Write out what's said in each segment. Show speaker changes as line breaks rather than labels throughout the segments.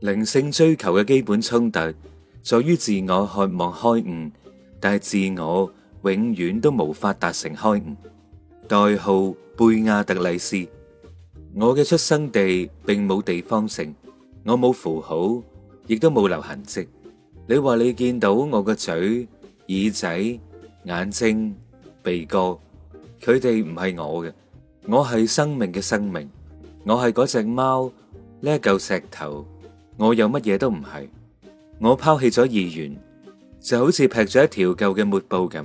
靈性追求嘅基本衝突在於自我渴望開悟，但係自我永遠都無法達成開悟。代號貝亞特麗斯。我嘅出生地并冇地方性，我冇符號，亦都冇留痕跡。你話你見到我個嘴、耳仔、眼睛、鼻哥，佢哋唔係我嘅，我係生命嘅生命，我係嗰隻貓，呢嚿石頭。我又乜嘢都唔係，我拋棄咗意願，就好似劈咗一條舊嘅抹布咁。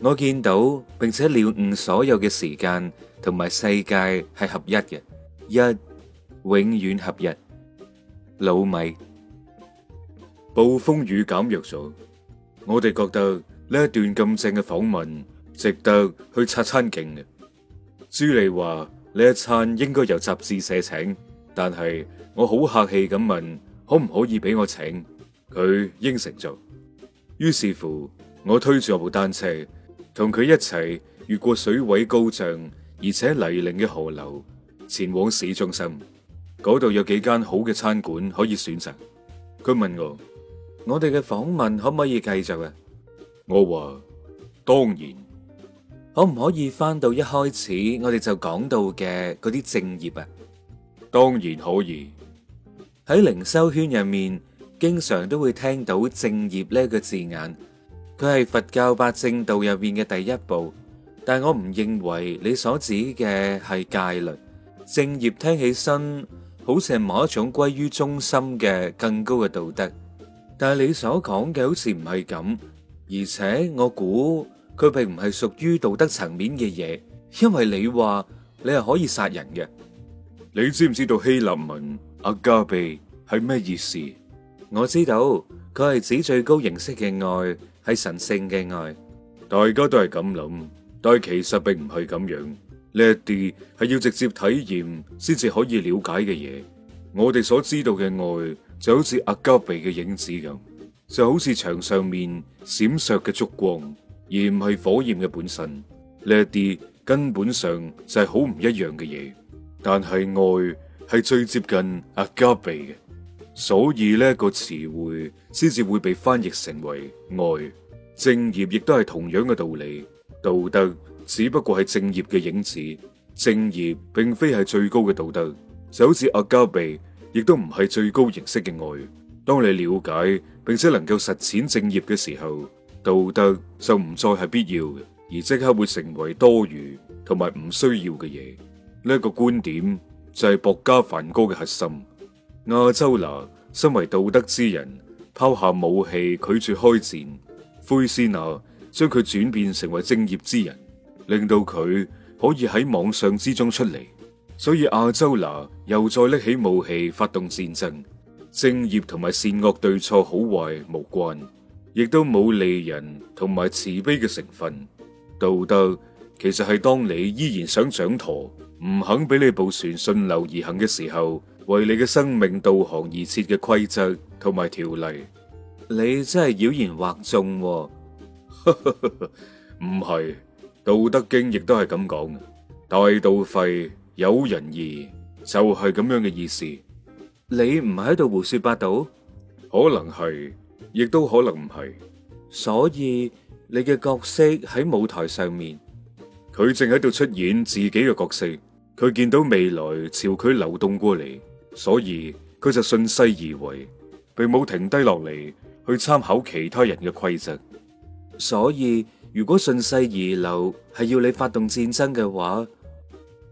我見到並且了悟所有嘅時間同埋世界係合一嘅，一永遠合一。老米，暴風雨減弱咗，我哋覺得呢一段咁正嘅訪問值得去擦餐勁嘅。朱莉話呢一餐應該由雜誌社請。但係我好客氣咁問，可唔可以俾我請？佢應承咗。於是乎，我推住部單車，同佢一齊越過水位高漲而且泥濘嘅河流，前往市中心。嗰度有幾間好嘅餐館可以選擇。佢問我：我哋嘅訪問可唔可以繼續啊？我話：當然。可唔可以返到一開始我哋就講到嘅嗰啲正業啊？當然可以。喺靈修圈入面，經常都會聽到正業呢個字眼。佢係佛教八正道入面嘅第一步，但我唔認為你所指嘅係戒律。正業聽起身好似係某一種歸於中心嘅更高嘅道德，但係你所講嘅好似唔係咁，而且我估佢並唔係屬於道德層面嘅嘢，因為你話你係可以殺人嘅。你知唔知道希臘文阿加比係咩意思？我知道佢係指最高形式嘅愛，係神聖嘅愛。大家都係咁諗，但係其實並唔係咁樣。呢一啲係要直接體驗先至可以了解嘅嘢。我哋所知道嘅愛就好似阿加比嘅影子咁，就好似牆上面閃爍嘅燭光，而唔係火焰嘅本身。呢一啲根本上就係好唔一樣嘅嘢。但係愛係最接近阿加貝嘅，所以呢個詞彙先至會被翻譯成為愛。正業亦都係同樣嘅道理，道德只不過係正業嘅影子，正業並非係最高嘅道德，就好似阿加貝，亦都唔係最高形式嘅愛。當你了解並且能夠實踐正業嘅時候，道德就唔再係必要嘅，而即刻會成為多餘同埋唔需要嘅嘢。呢一個觀點就係薄伽梵歌嘅核心。亞洲拿身為道德之人，拋下武器，拒絕開戰。灰斯拿將佢轉變成為正業之人，令到佢可以喺網上之中出嚟。所以亞洲拿又再拎起武器發動戰爭。正業同埋善惡對錯好壞無關，亦都冇利人同埋慈悲嘅成分。道德。其實係當你依然想掌舵，唔肯俾你部船順流而行嘅時候，為你嘅生命導航而設嘅規則同埋條例，你真係妖言惑眾，哦，唔係 《道德經》亦都係咁講嘅。大道廢，有仁義，就係、是、咁樣嘅意思。你唔係喺度胡說八道，可能係，亦都可能唔係。所以你嘅角色喺舞台上面。佢正喺度出演自己嘅角色，佢見到未來朝佢流動過嚟，所以佢就順勢而為，並冇停低落嚟去參考其他人嘅規則。所以如果順勢而流係要你發動戰爭嘅話，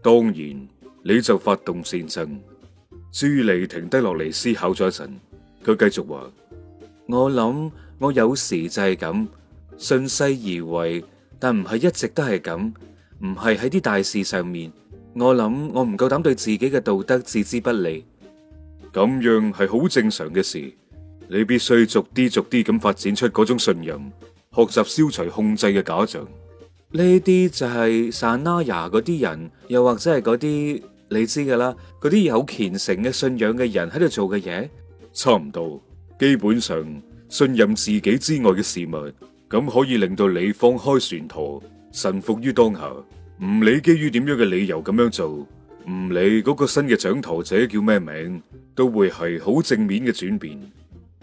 當然你就發動戰爭。朱莉停低落嚟思考咗一陣，佢繼續話：我諗我有時就係咁順勢而為，但唔係一直都係咁。唔係喺啲大事上面，我諗我唔夠膽對自己嘅道德置之不理，咁樣係好正常嘅事。你必須逐啲逐啲咁發展出嗰種信任，學習消除控制嘅假象。呢啲就係 Sanaya 嗰啲人，又或者係嗰啲你知噶啦，嗰啲有虔誠嘅信仰嘅人喺度做嘅嘢，差唔多。基本上信任自己之外嘅事物，咁可以令到你放開船舵。臣服於當下，唔理基於點樣嘅理由咁樣做，唔理嗰個新嘅掌舵者叫咩名，都會係好正面嘅轉變，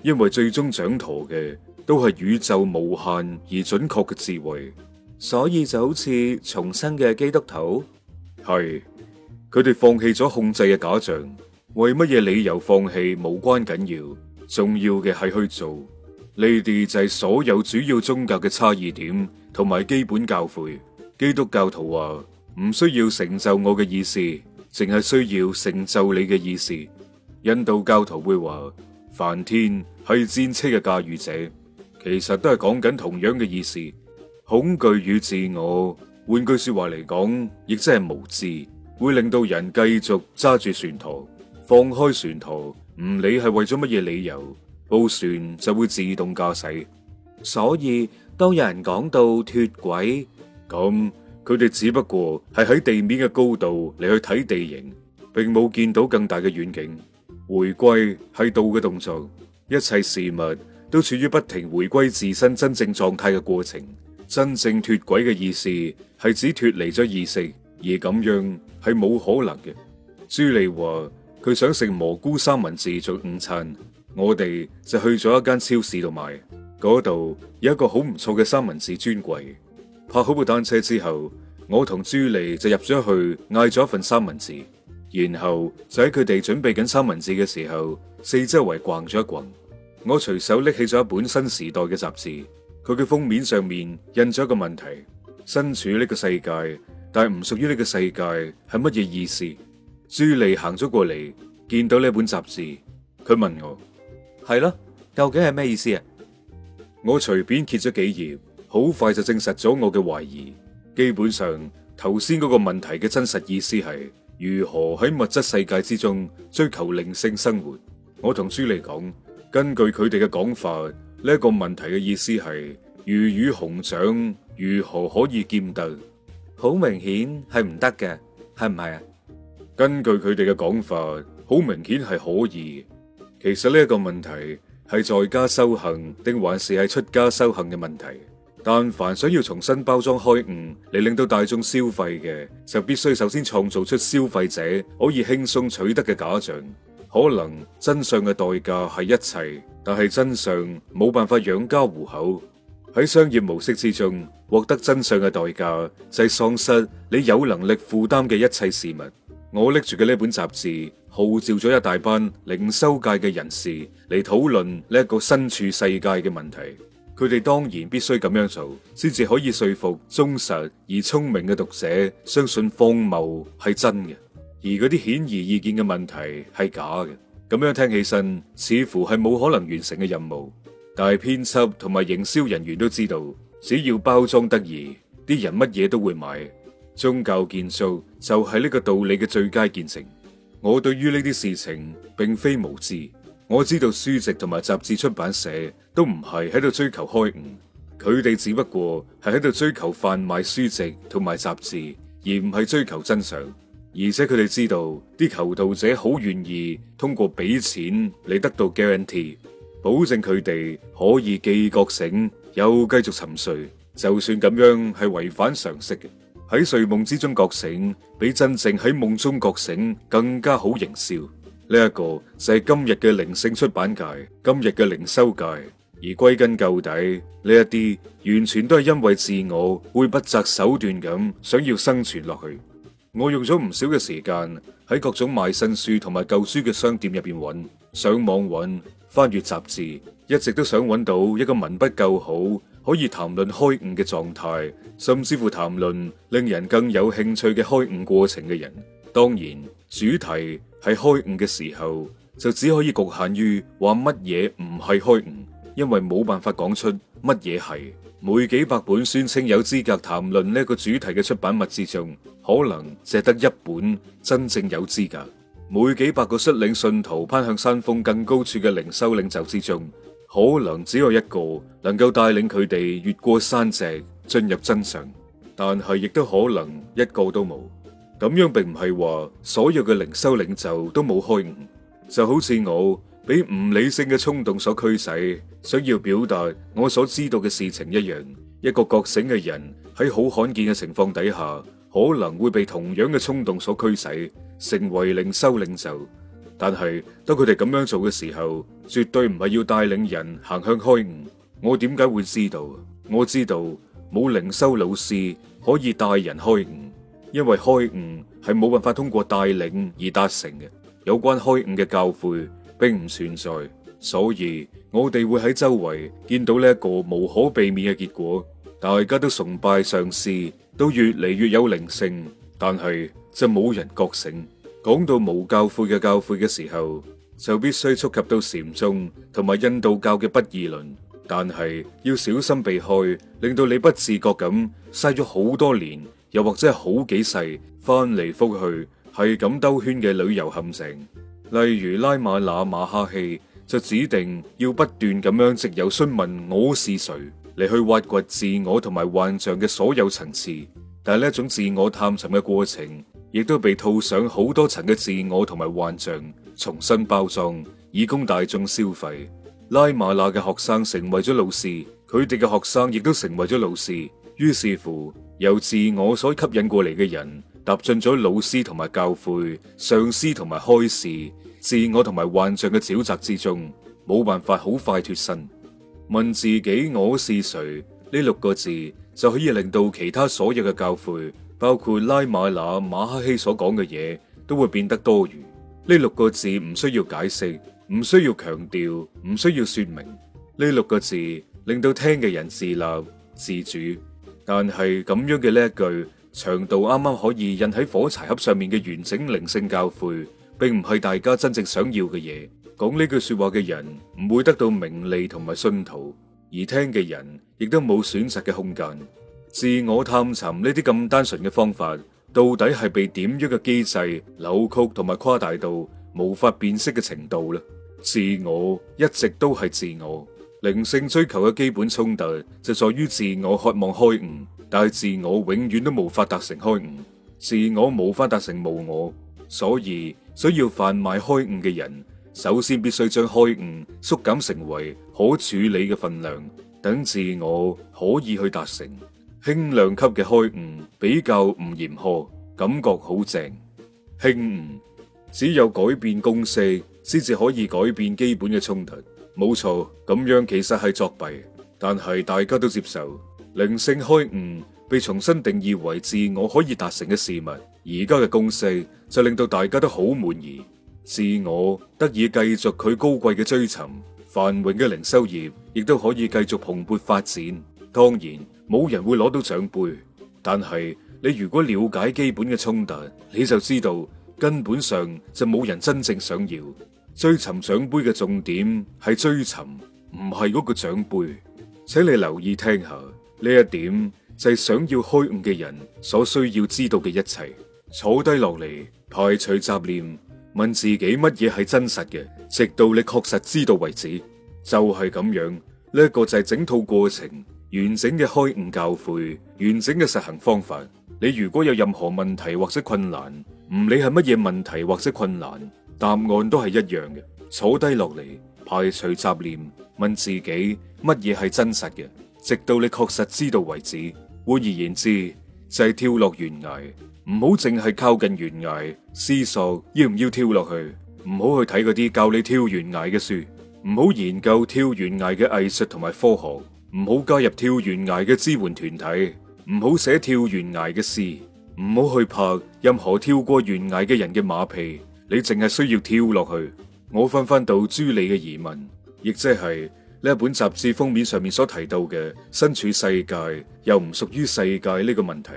因為最終掌舵嘅都係宇宙無限而準確嘅智慧，所以就好似重生嘅基督徒，係佢哋放棄咗控制嘅假象，為乜嘢理由放棄無關緊要，重要嘅係去做。呢啲就係所有主要宗教嘅差異點。同埋基本教誨，基督教徒話唔需要成就我嘅意思，淨係需要成就你嘅意思。印度教徒會話梵天係戰車嘅駕馭者，其實都係講緊同樣嘅意思。恐懼與自我，換句話說話嚟講，亦真係無知，會令到人繼續揸住船舵，放開船舵，唔理係為咗乜嘢理由，部船就會自動駕駛。所以。當有人講到脫軌，咁佢哋只不過係喺地面嘅高度嚟去睇地形，並冇見到更大嘅遠景。回歸係道嘅動作，一切事物都處於不停回歸自身真正狀態嘅過程。真正脫軌嘅意思係指脫離咗意識，而咁樣係冇可能嘅。朱莉話佢想食蘑菇三文治做午餐，我哋就去咗一間超市度買。嗰度有一個好唔錯嘅三文治專櫃。泊好部單車之後，我同朱莉就入咗去，嗌咗一份三文治。然後就喺佢哋準備緊三文治嘅時候，四周圍逛咗一逛。我隨手拎起咗一本新時代嘅雜誌，佢嘅封面上面印咗一個問題：身處呢個世界，但係唔屬於呢個世界，係乜嘢意思？朱莉行咗過嚟，見到呢本雜誌，佢問我：係咯，究竟係咩意思啊？我隨便揭咗幾頁，好快就證實咗我嘅懷疑。基本上，頭先嗰個問題嘅真實意思係如何喺物質世界之中追求靈性生活。我同朱莉講，根據佢哋嘅講法，呢、這、一個問題嘅意思係魚與熊掌如何可以兼得？好明顯係唔得嘅，係唔係啊？根據佢哋嘅講法，好明顯係可以。其實呢一個問題。係在家修行定還是係出家修行嘅問題？但凡想要重新包裝開悟，嚟令到大眾消費嘅，就必須首先創造出消費者可以輕鬆取得嘅假象。可能真相嘅代價係一切，但係真相冇辦法養家糊口。喺商業模式之中，獲得真相嘅代價就係喪失你有能力負擔嘅一切事物。我拎住嘅，呢本雜誌。號召咗一大班靈修界嘅人士嚟討論呢一個身處世界嘅問題。佢哋當然必須咁樣做，先至可以說服忠實而聰明嘅讀者相信荒謬係真嘅，而嗰啲顯而易見嘅問題係假嘅。咁樣聽起身似乎係冇可能完成嘅任務，但係編輯同埋營銷人員都知道，只要包裝得宜，啲人乜嘢都會買。宗教建築就係呢個道理嘅最佳見證。我對於呢啲事情，並非無知。我知道書籍同埋雜誌出版社都唔係喺度追求開悟，佢哋只不過係喺度追求販賣書籍同埋雜誌，而唔係追求真相。而且佢哋知道啲求道者好願意通過俾錢嚟得到 guarantee，保證佢哋可以既覺醒，又繼續沉睡。就算咁樣係違反常識嘅。喺睡夢之中覺醒，比真正喺夢中覺醒更加好營銷。呢、這、一個就係今日嘅靈性出版界，今日嘅靈修界。而歸根究底，呢一啲完全都係因為自我會不擇手段咁想要生存落去。我用咗唔少嘅時間喺各種賣新書同埋舊書嘅商店入邊揾，上網揾，翻閱雜誌，一直都想揾到一個文筆夠好。可以談論開悟嘅狀態，甚至乎談論令人更有興趣嘅開悟過程嘅人，當然主題係開悟嘅時候，就只可以局限於話乜嘢唔係開悟，因為冇辦法講出乜嘢係。每幾百本宣稱有資格談論呢個主題嘅出版物之中，可能只得一本真正有資格。每幾百個率領信徒攀向山峰更高處嘅靈修領袖之中，可能只有一個能夠帶領佢哋越過山脊進入真相，但係亦都可能一個都冇。咁樣並唔係話所有嘅靈修領袖都冇開悟，就好似我俾唔理性嘅衝動所驅使，想要表達我所知道嘅事情一樣。一個覺醒嘅人喺好罕見嘅情況底下，可能會被同樣嘅衝動所驅使，成為靈修領袖。但係，當佢哋咁樣做嘅時候，絕對唔係要帶領人行向開悟。我點解會知道？我知道冇靈修老師可以帶人開悟，因為開悟係冇辦法通過帶領而達成嘅。有關開悟嘅教誨並唔存在，所以我哋會喺周圍見到呢一個無可避免嘅結果，大家都崇拜上師，都越嚟越有靈性，但係就冇人覺醒。講到無教誨嘅教誨嘅時候，就必須觸及到禪宗同埋印度教嘅不二論，但係要小心避開，令到你不自覺咁嘥咗好多年，又或者係好幾世，翻嚟覆去係咁兜圈嘅旅遊陷阱。例如拉瑪那馬哈希就指定要不斷咁樣直由詢問我是誰嚟去挖掘自我同埋幻象嘅所有層次，但係呢一種自我探尋嘅過程。亦都被套上好多層嘅自我同埋幻象，重新包裝以供大眾消費。拉馬那嘅學生成為咗老師，佢哋嘅學生亦都成為咗老師。於是乎，由自我所吸引過嚟嘅人，踏進咗老師同埋教誨、上師同埋開示、自我同埋幻象嘅沼澤之中，冇辦法好快脫身。問自己我是誰呢六個字，就可以令到其他所有嘅教誨。包括拉馬那馬哈希所講嘅嘢都會變得多餘。呢六個字唔需要解釋，唔需要強調，唔需要說明。呢六個字令到聽嘅人自立自主。但係咁樣嘅呢一句長度啱啱可以印喺火柴盒上面嘅完整靈性教誨，並唔係大家真正想要嘅嘢。講呢句說話嘅人唔會得到名利同埋信徒，而聽嘅人亦都冇選擇嘅空間。自我探尋呢啲咁單純嘅方法，到底係被點樣嘅機制扭曲同埋誇大到無法辨識嘅程度呢？自我一直都係自我，靈性追求嘅基本衝突就在於自我渴望開悟，但係自我永遠都無法達成開悟，自我無法達成無我，所以需要販賣開悟嘅人，首先必須將開悟縮，縮減成為可處理嘅分量，等自我可以去達成。輕量級嘅開悟比較唔嚴苛，感覺好正。輕悟只有改變公式，先至可以改變基本嘅衝突。冇錯，咁樣其實係作弊，但係大家都接受。靈性開悟被重新定義為自我可以達成嘅事物，而家嘅公式就令到大家都好滿意，自我得以繼續佢高貴嘅追尋，繁榮嘅靈修業亦都可以繼續蓬勃發展。當然冇人會攞到獎杯，但係你如果了解基本嘅衝突，你就知道根本上就冇人真正想要追尋獎杯。嘅重點係追尋，唔係嗰個獎杯。請你留意聽下呢一點，就係想要開悟嘅人所需要知道嘅一切。坐低落嚟，排除雜念，問自己乜嘢係真實嘅，直到你確實知道為止。就係咁樣，呢一個就係整套過程。完整嘅開悟教誨，完整嘅實行方法。你如果有任何問題或者困難，唔理係乜嘢問題或者困難，答案都係一樣嘅。坐低落嚟，排除雜念，問自己乜嘢係真實嘅，直到你確實知道為止。換而言之，就係跳落懸崖，唔好淨係靠近懸崖思索要唔要跳落去，唔好去睇嗰啲教你跳懸崖嘅書，唔好研究跳懸崖嘅藝術同埋科學。唔好加入跳懸崖嘅支援團體，唔好寫跳懸崖嘅詩，唔好去拍任何跳過懸崖嘅人嘅馬屁。你淨係需要跳落去。我翻翻到朱莉嘅疑問，亦即係呢一本雜誌封面上面所提到嘅身處世界又唔屬於世界呢個問題。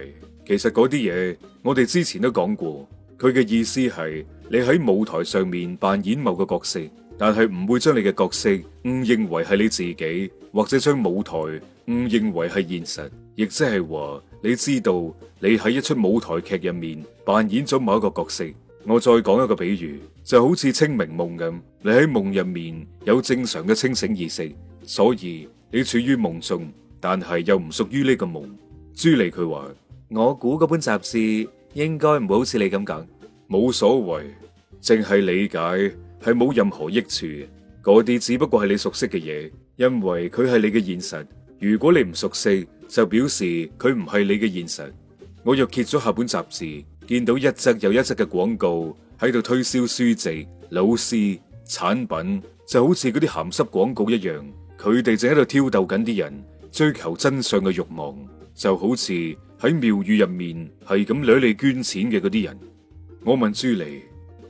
其實嗰啲嘢我哋之前都講過。佢嘅意思係你喺舞台上面扮演某個角色。但係唔會將你嘅角色誤認為係你自己，或者將舞台誤認為係現實，亦即係話你知道你喺一出舞台劇入面扮演咗某一個角色。我再講一個比喻，就好似清明夢咁，你喺夢入面有正常嘅清醒意識，所以你處於夢中，但係又唔屬於呢個夢。朱莉佢話：我估嗰本雜誌應該唔會好似你咁講，冇所謂，淨係理解。係冇任何益處。嗰啲只不過係你熟悉嘅嘢，因為佢係你嘅現實。如果你唔熟悉，就表示佢唔係你嘅現實。我又揭咗下本雜誌，見到一則又一則嘅廣告喺度推銷書籍、老師、產品，就好似嗰啲鹹濕廣告一樣，佢哋正喺度挑逗緊啲人追求真相嘅慾望，就好似喺廟宇入面係咁掠你捐錢嘅嗰啲人。我問朱莉。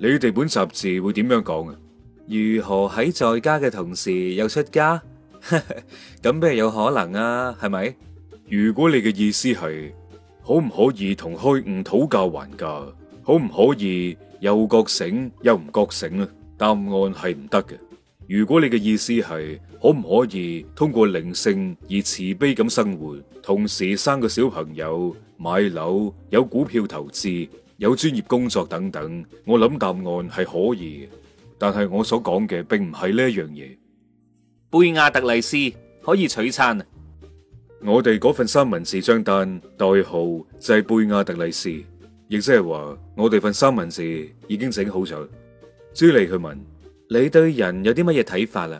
你哋本雜誌會點樣講啊？如何喺在家嘅同時又出家？咁邊有可能啊？係咪？如果你嘅意思係可唔可以同開悟討價還價？可唔可以又覺醒又唔覺醒呢？答案係唔得嘅。如果你嘅意思係可唔可以通過靈性而慈悲咁生活，同時生個小朋友、買樓、有股票投資，有專業工作等等，我諗答案係可以，但係我所講嘅並唔係呢樣嘢。貝亞特麗斯可以取餐啊！我哋嗰份三文治張單代號就係貝亞特麗斯，亦即係話我哋份三文治已經整好咗。朱莉，去問你對人有啲乜嘢睇法啦。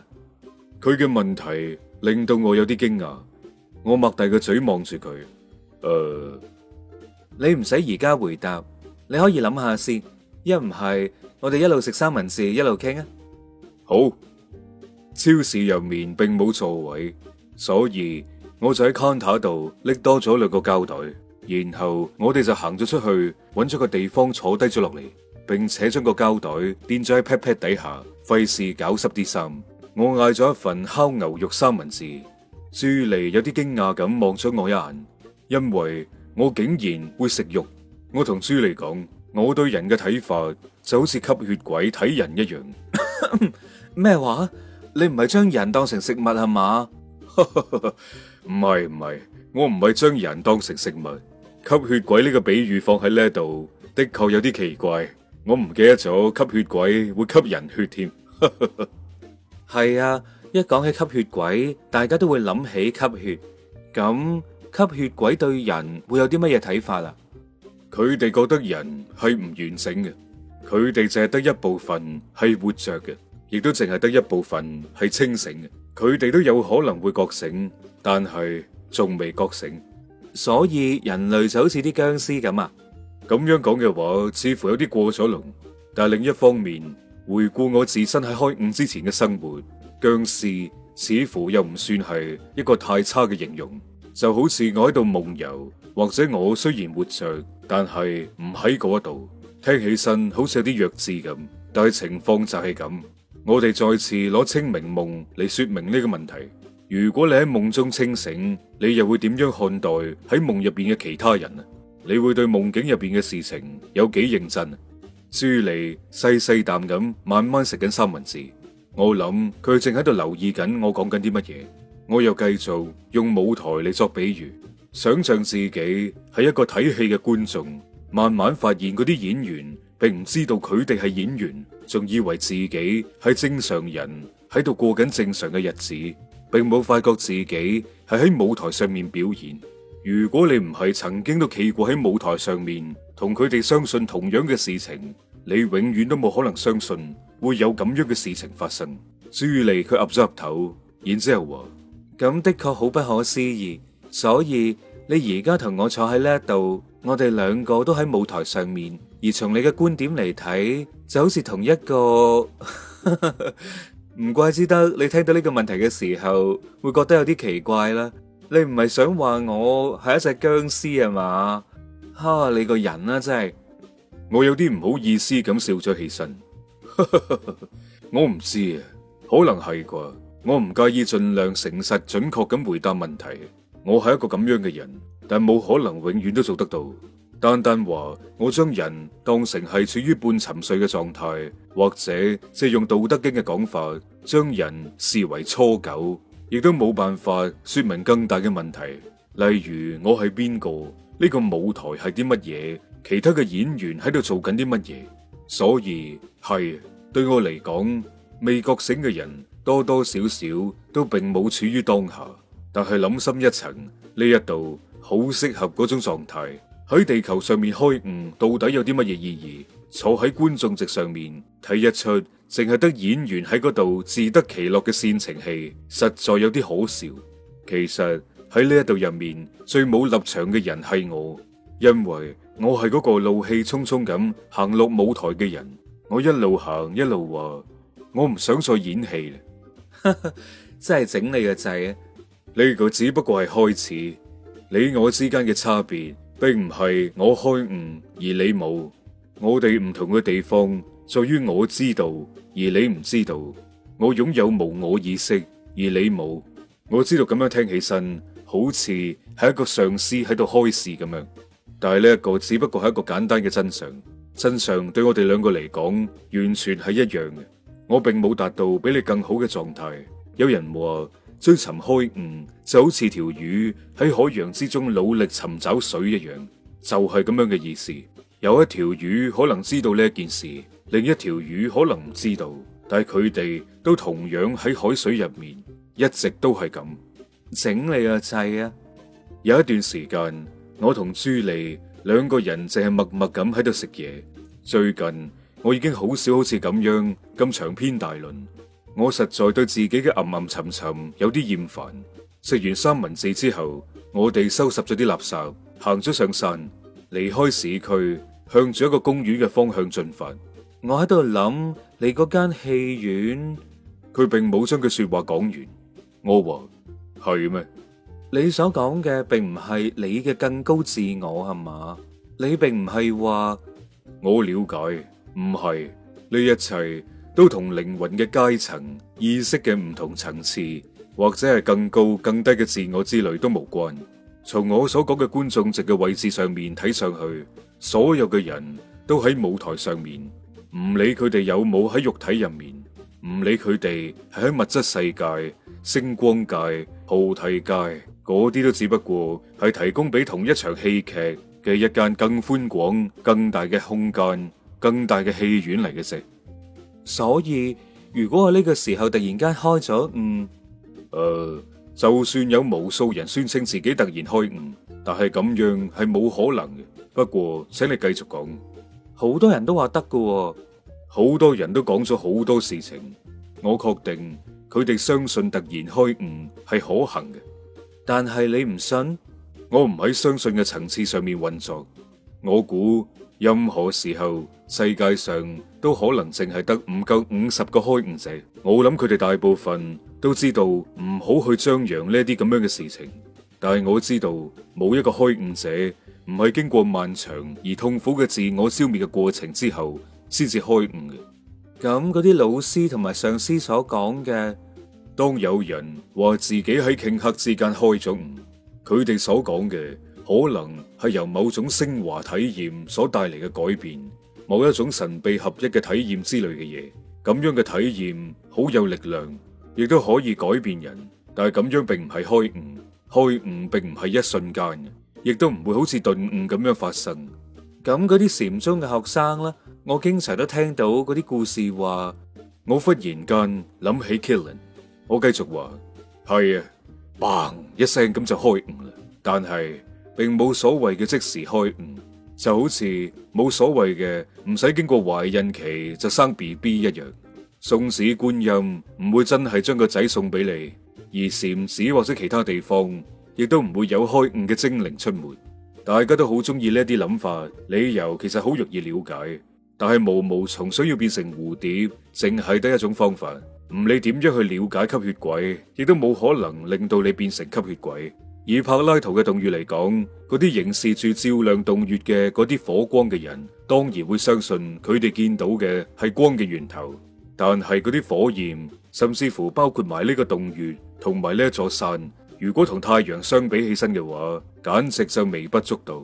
佢嘅問題令到我有啲驚訝，我擘大個嘴望住佢。誒，你唔使而家回答。你可以諗下先，一唔係我哋一路食三文治一路傾啊。好，超市入面並冇座位，所以我就喺 counter 度拎多咗兩個膠袋，然後我哋就行咗出去，揾咗個地方坐低咗落嚟，並且將個膠袋墊咗喺 pat pat 底下，費事搞濕啲衫。我嗌咗一份烤牛肉三文治，朱莉有啲驚訝咁望咗我一眼，因為我竟然會食肉。我同朱莉講，我對人嘅睇法就好似吸血鬼睇人一樣。咩 話？你唔係將人當成食物係嘛？唔係唔係，我唔係將人當成食物。吸血鬼呢個比喻放喺呢度，的確有啲奇怪。我唔記得咗，吸血鬼會吸人血添。係 啊，一講起吸血鬼，大家都會諗起吸血。咁吸血鬼對人會有啲乜嘢睇法呀？佢哋覺得人係唔完整嘅，佢哋淨係得一部分係活着嘅，亦都淨係得一部分係清醒嘅。佢哋都有可能會覺醒，但係仲未覺醒。所以人類就好似啲僵屍咁啊！咁樣講嘅話，似乎有啲過咗龍。但係另一方面，回顧我自身喺開悟之前嘅生活，僵屍似乎又唔算係一個太差嘅形容。就好似我喺度夢遊，或者我雖然活着，但係唔喺嗰度。聽起身好似有啲弱智咁，但係情況就係咁。我哋再次攞清明夢嚟說明呢個問題。如果你喺夢中清醒，你又會點樣看待喺夢入邊嘅其他人啊？你會對夢境入邊嘅事情有幾認真啊？朱莉細細啖咁，慢慢食緊三文治。我諗佢正喺度留意緊我講緊啲乜嘢。我又繼續用舞台嚟作比喻，想象自己係一個睇戲嘅觀眾，慢慢發現嗰啲演員並唔知道佢哋係演員，仲以為自己係正常人喺度過緊正常嘅日子，並冇發覺自己係喺舞台上面表演。如果你唔係曾經都企過喺舞台上面，同佢哋相信同樣嘅事情，你永遠都冇可能相信會有咁樣嘅事情發生。朱莉佢岌咗岌頭，然之後話。咁的確好不可思議，所以你而家同我坐喺呢度，我哋兩個都喺舞台上面，而從你嘅觀點嚟睇，就好似同一個唔 怪之得你聽到呢個問題嘅時候，會覺得有啲奇怪啦。你唔係想話我係一隻僵屍啊嘛？哈，你個人啊真係，我有啲唔好意思咁笑咗起身。 我唔知啊，可能係啩。我唔介意盡量誠實準確咁回答問題，我係一個咁樣嘅人，但冇可能永遠都做得到。單單話我將人當成係處於半沉睡嘅狀態，或者借用《道德經》嘅講法，將人視為初九，亦都冇辦法說明更大嘅問題，例如我係邊個，呢個舞台係啲乜嘢，其他嘅演員喺度做緊啲乜嘢。所以係對我嚟講，未覺醒嘅人多多少少都並冇處於當下，但係諗深一層，呢一度好適合嗰種狀態。喺地球上面開悟到底有啲乜嘢意義？坐喺觀眾席上面睇一出，淨係得演員喺嗰度自得其樂嘅煽情戲，實在有啲可笑。其實喺呢一度入面最冇立場嘅人係我，因為我係嗰個怒氣冲冲咁行落舞台，嘅人。我一路行一路話，我唔想再演戲啦 真係整你個掣啊！呢個只不過係開始，你我之間嘅差別，並唔係我開悟而你冇，我哋唔同嘅地方在於我知道而你唔知道，我擁有無我意識而你冇。我知道咁樣聽起身，好似係一個上司喺度開示咁樣，但係呢一個只不過係一個簡單嘅真相，真相對我哋兩個嚟講，完全係一樣嘅。我並冇達到比你更好嘅狀態。有人話追尋開悟就好似條魚喺海洋之中努力尋找水一樣，就係咁樣嘅意思。有一條魚可能知道呢件事，另一條魚可能唔知道，但係佢哋都同樣喺海水入面，一直都係咁。整理啊掣啊，啊有一段時間我同朱莉兩個人淨係默默咁喺度食嘢。最近。我已經好少好似咁樣咁長篇大論。我實在對自己嘅暗暗沉沉有啲厭煩。食完三文治之後，我哋收拾咗啲垃圾，行咗上山，離開市區，向住一個公園嘅方向進發。我喺度諗，你嗰間戲院，佢並冇將佢說話講完。我話係咩？你所講嘅並唔係你嘅更高自我係嘛？你並唔係話我了解。唔係呢，一切都同靈魂嘅階層、意識嘅唔同層次，或者係更高、更低嘅自我之類都無關。從我所講嘅觀眾席嘅位置上面睇上去，所有嘅人都喺舞台上面，唔理佢哋有冇喺肉體入面，唔理佢哋係喺物質世界、星光界、菩提界嗰啲，都只不過係提供俾同一場戲劇嘅一間更寬廣、更大嘅空間。更大嘅戲院嚟嘅啫，所以如果我呢個時候突然間開咗，嗯，誒，就算有無數人宣稱自己突然開悟，但係咁樣係冇可能嘅。不過，請你繼續講，好多人都話得㗎，好多人都講咗好多事情，我確定佢哋相信突然開悟係可行嘅，但係你唔信，我唔喺相信嘅層次上面運作，我估。任何時候，世界上都可能淨係得唔夠五十個開悟者。我諗佢哋大部分都知道唔好去張揚呢啲咁樣嘅事情。但係我知道，冇一個開悟者唔係經過漫長而痛苦嘅自我消滅嘅過程之後，先至開悟嘅。咁嗰啲老師同埋上司所講嘅，當有人話自己喺頃刻之間開咗悟，佢哋所講嘅。可能係由某種升華體驗所帶嚟嘅改變，某一種神秘合一嘅體驗之類嘅嘢，咁樣嘅體驗好有力量，亦都可以改變人。但係咁樣並唔係開悟，開悟並唔係一瞬間，亦都唔會好似頓悟咁樣發生。咁嗰啲禪宗嘅學生啦，我經常都聽到嗰啲故事話，我忽然間諗起 Killing，我繼續話係啊，砰一聲咁就開悟啦。但係。並冇所謂嘅即時開悟，就好似冇所謂嘅唔使經過懷孕期就生 B B 一樣。送子觀音唔會真係將個仔送俾你，而禪寺或者其他地方亦都唔會有開悟嘅精靈出門。大家都好中意呢啲諗法，理由其實好容易了解，但係毛毛蟲想要變成蝴蝶，淨係得一種方法。唔理點樣去了解吸血鬼，亦都冇可能令到你變成吸血鬼。以柏拉圖嘅洞穴嚟講，嗰啲凝視住照亮洞穴嘅嗰啲火光嘅人，當然會相信佢哋見到嘅係光嘅源頭。但係嗰啲火焰，甚至乎包括埋呢個洞穴同埋呢一座山，如果同太陽相比起身嘅話，簡直就微不足道。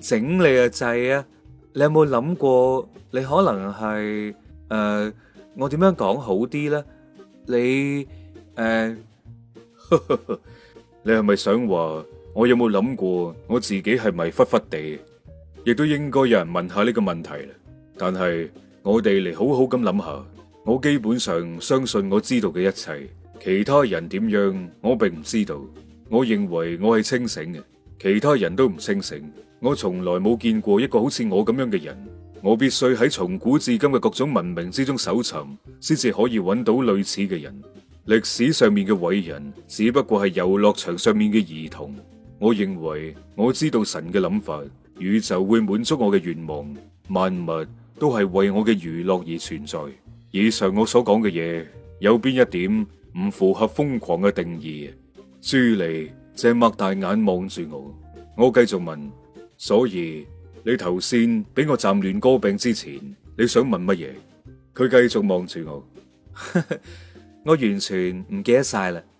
整你啊制啊，你有冇諗過你可能係誒，我點樣講好啲咧？你誒。你係咪想話我有冇諗過我自己係咪忽忽地？亦都應該有人問下呢個問題啦。但係我哋嚟，好好咁諗下，我基本上相信我知道嘅一切。其他人點樣，我並唔知道。我認為我係清醒嘅，其他人都唔清醒。我從來冇見過一個好似我咁樣嘅人。我必須喺從古至今嘅各種文明之中搜尋，先至可以揾到類似嘅人。歷史上面嘅偉人只不過係遊樂場上面嘅兒童。我認為我知道神嘅諗法，宇宙會滿足我嘅願望，萬物都係為我嘅娛樂而存在。以上我所講嘅嘢，有邊一點唔符合瘋狂嘅定義？朱莉正擘大眼望住我，我繼續問：所以你頭先俾我暫亂哥病之前，你想問乜嘢？佢繼續望住我。 我完全唔記得晒啦～